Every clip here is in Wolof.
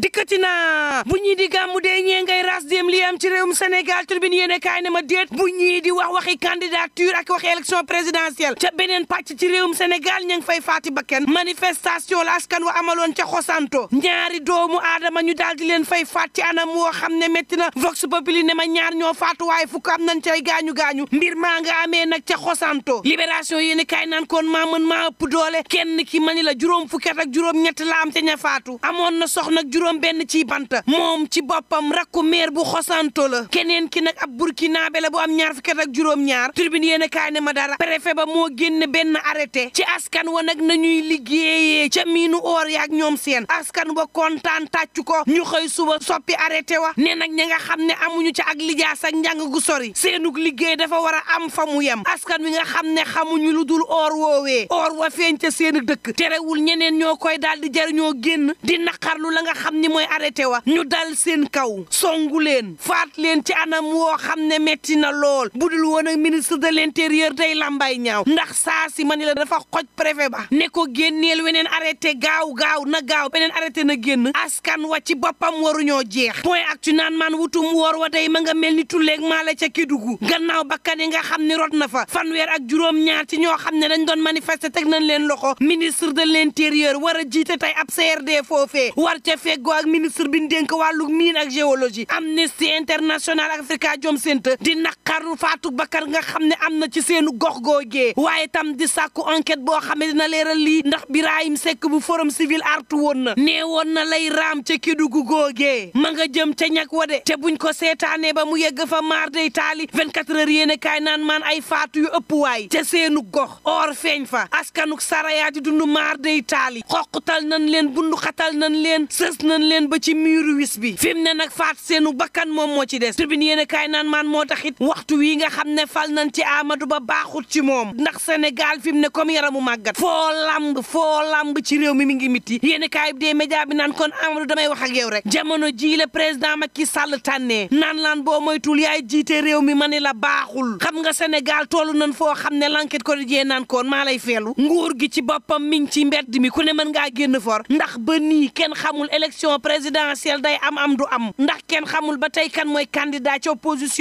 dikkati naa bu ñii di gàmmu dee ñee ngay ras dem li am ci réewum Sénégal tribune yéen kaay ma déet bu ñii di wax waxi candidature ak waxi élection présidentielle ca beneen pàcc ci réewum Sénégal ña ngi fay faati bakken manifestation la askan wa amaloon ca xosanto ñaari doomu aadama ñu daal di leen fay faat ci anam woo xam ne métti na vox populi ne ma ñaar ñoo faatu waaye fukk am nañ cay gaañu gaañu mbir maa nga amee nag ca xosanto libération yéen kaay naan kon ma mën maa ëpp doole kenn ki mani la juróom fukki at ak juróom ñett la am te ña faatu amoon na soxna juróom juróom-benn ci bant moom ci boppam rakku maire bu xosanto la keneen ki nag ab burkinaabe la bu am ñaar fukki at ak juróom-ñaar tribune yéen a kaay ne ma dara préfet ba moo génn benn arrêté ci askan wa nag nañuy liggéeyee ca miinu or ak ñoom seen askan wa kontaan tàccu ko ñu xëy suba soppi arrêté wa ne nag ña nga xam ne amuñu ci ak lijaas ak njàng gu sori seenug liggéey dafa war a am fa mu yem askan wi nga xam ne xamuñu lu dul or woowee or wa feeñ ca seen dëkk terewul ñeneen ñoo koy daal di jariñoo génn di naqarlu ni moy arrêté wa ñu dal seen kaw songu leen faat leen ci anam woo xam ne métti na lool budul woon ak ministre de l'intérieur day lambay ñaaw ndax saa si ma ni la dafa xoj préfet ba ne ko génneel weneen arrêté gaaw gaaw na gaaw beneen arrêté na génn askan wa ci boppam ñoo jeex point actu naan maan wutum woor wa day ma nga mel ni tulleeg maa la ca Kédougou gannaaw bakkan yi nga xam ni rot na fa weer ak juróom-ñaar ci ñoo xam ne dañ doon manifester teg nañ leen loxo ministre de l'intérieur war a jiite tey ab CRD foofee war ca déggoo ak ministre bi ñu dénk wàllu mine ak géologie Amnesty International ak Afrikajom Center di naq naqarlu Fatou bakkan nga xam ne am na ci seenu gox googee waaye tam di sàkku enquête boo xam ne dina leeral lii ndax Birahim Seck bu forum civil artu woon na nee woon na lay raam ca Kédougou googee ma nga jëm ca ñag wa de te buñ ko seetaanee ba mu yegg fa maar dey taali 24 heures yéene kaay naan maan ay faatu yu ëpp waay ca seenu gox or feeñ fa askanuk saraya di dund maar day taali xoqutal nañ leen bundu xatal nañ leen sës nañ leen ba ci miiru wis bi fi ne nag faa seenu bakkan moom moo ci des tribune yéene kaay naan maan moo taxit wax waxtu wi nga xam ne fal nañ ci Amadou Ba baaxul ci moom ndax Sénégal fi mu ne comme yaramu màggat foo lamb foo lamb ci réew mi mi ngi miti yéen kaay bi dee média bi naan kon Amadou damay wax ak yow rek jamono jii la président Macky Sall tànnee naan laan boo moytul yaay jiite réew mi ma ne la baaxul xam nga Sénégal toll nañ foo xam ne l'enquête quotidien naan kon maa lay feelu nguur gi ci boppam mi ngi ci mbedd mi ku ne mën ngaa génn foor ndax ba nii kenn xamul élection présidentielle day am am du am ndax kenn xamul ba tey kan mooy candidat ci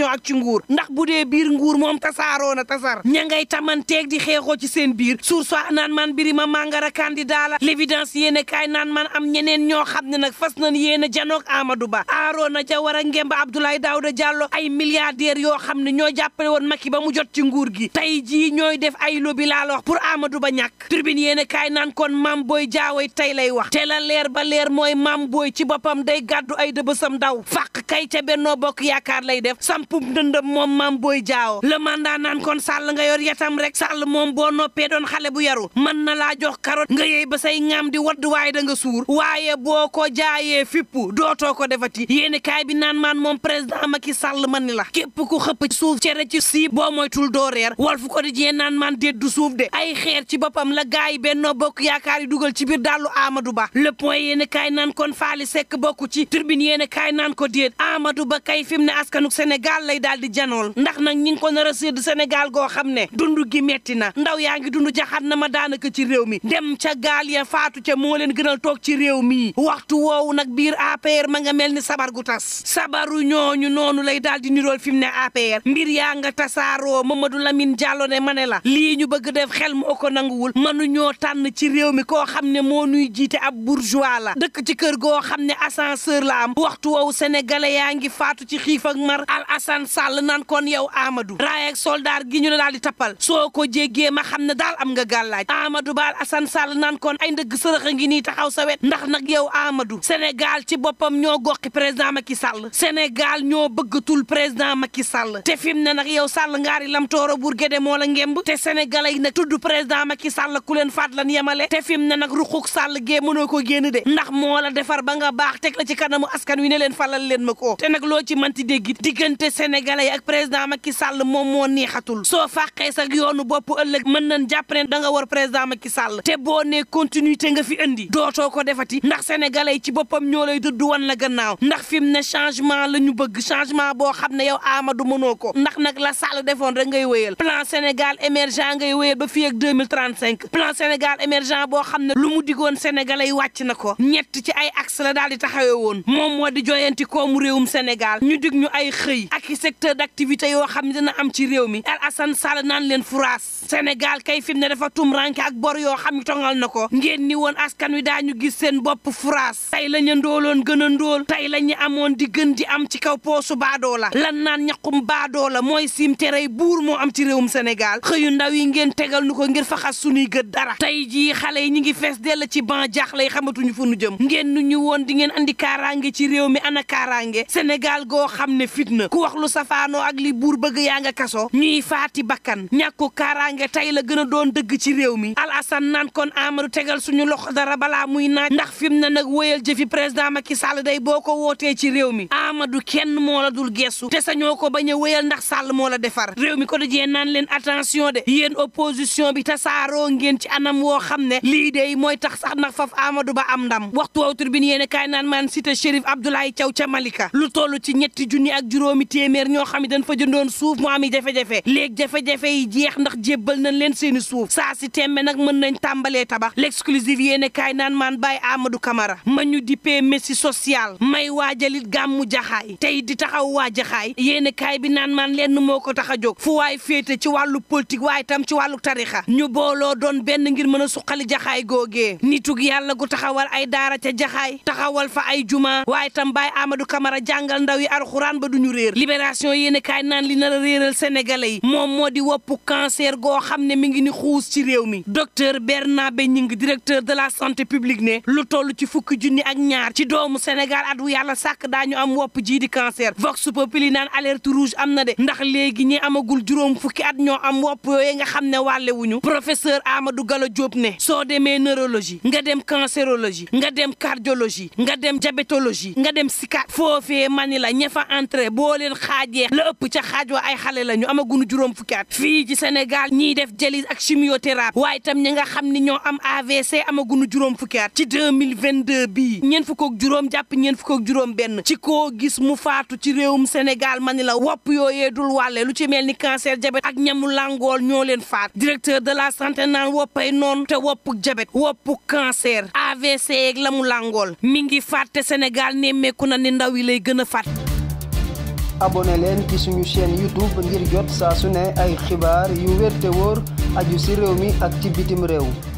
ak ci nguur ndax bu dee biir nguur moom tasaaroo na tasar ña ngay tamanteeg di xeexoo ci seen biir source naan man Birima Mangara candidat la l'évidence yéene kaay naan man am ñeneen ñoo xam ne nag fas nañ yéen a janoog Amadou Ba Arona Diawara Ngemba Abdoulaye Daouda Diallo ay milliardaires yoo xam ne ñoo jàppale woon Macky ba mu jot ci nguur gi tey jii ñooy def ay lobby laa la wax pour amadu Ba ñàkk tribune yéene kaay naan kon Mam booy Diaway tey lay wax te la leer ba leer mooy Mam Boy ci boppam day gàddu ay dëbësam daw fàq kay ca Benno Bokk Yaakaar lay def sampum dëndëm moom Mame Boye Diao le mandat naan kon Sall nga yor yatam rek Sall moom boo noppee doon xale bu yaru mën na laa jox karoot nga yey ba say ŋaam di wadd waaye da nga suur waaye boo ko jaayee fippu dootoo ko defati yéeni kaay bi naan maan moom président Macky Sall man ni la képp ko xëpp suuf cere ci sii boo moytul doo reer Walf Quotidien naan maan déet du suuf de ay xeer ci boppam la gaay yi Benno Bokk Yaakaar yi dugal ci biir dàllu aamadu Ba le point kaay naan kon faali sekk bokku ci tribune yéeni kaay naan ko déet Amadou Ba kay fi mu ne askanuk Sénégal lay daal di janool ndax nag ñi ko nar a sédd Sénégal goo xam ne dund gi metti na ndaw yaa ngi dund jaxat na ma daanaka ci réew mi dem ca gaal ya faatu ca moo leen gënal toog ci réew mi waxtu woowu nag biir APR ma nga mel ni sabar gu tas sabaru ñooñu noonu lay daal di nirool fi mu ne APR mbir yaa nga tasaaroo ma Mamadou Lamine Diallo ne ma ne la lii ñu bëgg def xel moo ko nanguwul ñoo tànn ci réew mi ko xam ne moo nuy jiite ab bourgeois la dëkk ci kër goo xam ne ascenseur la am waxtu woowu sénégalais yaa ngi faatu ci xiif ak mar kon yow Amadou raayeeg soldaar gi ñu la daal di tappal soo ko jéggee ma xam ne daal am nga gàllaaj Amadou Baal Assane Sall naan kon ay ndëgg sërëx a ngi nii taxaw sa wet ndax nag yow Amadou Sénégal ci boppam ñoo goqi président Macky Sall Sénégal ñoo bëggatul président Macky Sall te fi ne nag yow Sall ngaari lam tooro bur gédé moo la ngemb te sénégalais yi nag tudd président Macky Sall ku leen faat lan yemale te fi mu ne nag ruquk Sall gee mënoo ko génn de ndax moo la defar ba nga baax teg la ci kanamu askan wi ne leen fallal leen ma ko te nag loo ci manti déggit diggante sénégalais ak président président Macky Sall moom moo neexatul soo fàqee sa yoonu bopp ëllëg mën nañ jàpp ne da nga war président Macky Sall te boo nee continuité nga fi indi dootoo ko defati ndax sénégalais yi ci boppam ñoo lay dudd wan la gannaaw ndax fi mu ne changement la ñu bëgg changement boo xam ne yow Amadou mënoo ko ndax nag la Sall defoon rek ngay wéyal plan Sénégal émergent ngay wéyal ba fii ak 2035 plan Sénégal émergent boo xam ne lu mu digoon sénégalais yi wàcc na ko ñett ci ay axe la daal di taxawee woon moom moo di joyanti koomu réewum Sénégal ñu dig ñu ay xëy ak secteur njuumte yoo xam ne dana am ci réew mi El Assane Sall naan leen furaas Sénégal kay fi mu ne dafa tumuranke ak bor yoo xam ne tongal na ko ngeen ni woon askan wi daañu gis seen bopp furaas tey la ñu ndooloon gën a ndóol tey la ñu amoon di gën di am ci kaw poosu baadoo la lan naan ñaqum baadoo la mooy siim terey buur moo am ci réewum Sénégal xëyu ndaw yi ngeen tegal nu ko ngir faxas suñuy gën dara tey jii xale yi ñi ngi fees dell ci ban jaaxle yi xamatuñu fu nu jëm ngeen nu ñu woon di ngeen andi kaaraange ci réew mi ana kaaraange goo xam ne fitna ku wax lu safaanoo ak li buur bëgg yaa nga kaso ñuy faati bakkan ñàkku kaaraange tey la gën a doon dëgg ci réew mi alasan naan kon Amadou tegal suñu loxo dara balaa muy naaj ndax fi mu ne nag wóyal jëfi président Macky Sall day boo ko wootee ci réew mi Amadou kenn moo la dul gestu te sañoo ko bañ a wóyal ndax Sall moo la defar réew mi ko dajee naan leen attention yéen opposition bi tasaaroo ngeen ci anam woo xam ne lii de mooy tax sax ndax faf amadu Ba am ndam waxtu woowu tribune yéen a kaay naan man cité Chérif Abdoulaye Thiaw ca Malika lu toll ci ñetti junni ak juróomi téeméer ñoo xam fa jëndoon suuf mu am i jafe-jafe léegi jafe-jafe yi jeex ndax jébbal nañ leen seeni suuf saa si temme nag mën nañ tàmbalee tabax l'exclusive yéene kaay naan maan bàyyi amadu kamara ma ñu dippee messi social may waajalit gàmmu jaxaay tey di taxaw waa jaxaay yéene kaay bi naan maan lenn moo ko tax a jóg fu waay féete ci wàllu politique waaye tam ci wàllu tarixa ñu booloo doon benn ngir mën a suqali jaxaay ni tug yàlla gu taxawal ay daara ca jaxaay taxawal fa ay juma waaye tam bàyyi Amadou Camara jàngal ndaw yi alxuraan kaay naan li nar a réeral sénégalais yi moom moo di wopp cancer goo xam ne mi ngi ni xuus ci réew mi docteur Bernabé Gningue directeur de la santé publique ne lu toll ci fukki junni ak ñaar ci doomu Sénégal at yàlla sàkk daañu am wopp jii di cancer vox populi naan alerte rouge am na de ndax léegi ñi amagul juróom fukki at ñoo am wopp yooyu nga xam ne wàlle wuñu professeur Amadou Gallo Diop ne soo demee neurologie nga dem cancérologie nga dem cardiologie nga dem diabétologie nga dem psychiatrie foofee mani la ña boo leen xaajee ca xaaj ay xale la ñu amagunu juróom fukki at fii ci Sénégal ñiy def dialyse ak chimiothérapie waaye itam ñi nga xam ni ñoo am AVC amagunu juróom fukki at ci 2022 bii ñeent fukk ak juróom jàpp ñeent fukk ak juróom benn ci koo gis mu faatu ci réewum Sénégal ma ni la wopp yooyee dul wàlle lu ci mel ni cancer jabet ak ñamu langool ñoo leen faat directeur de la santé wopp woppay noonu te wopp jabet wopp cancer AVC yeeg la mu langool mi ngi faat te Sénégal nemmeeku na ni ndaw yi lay gën a faat abone leen ci suñu chaîne YouTube ngir jot saa su ne ay xibaar yu wér wóor aju ci réew mi ak ci bitim réew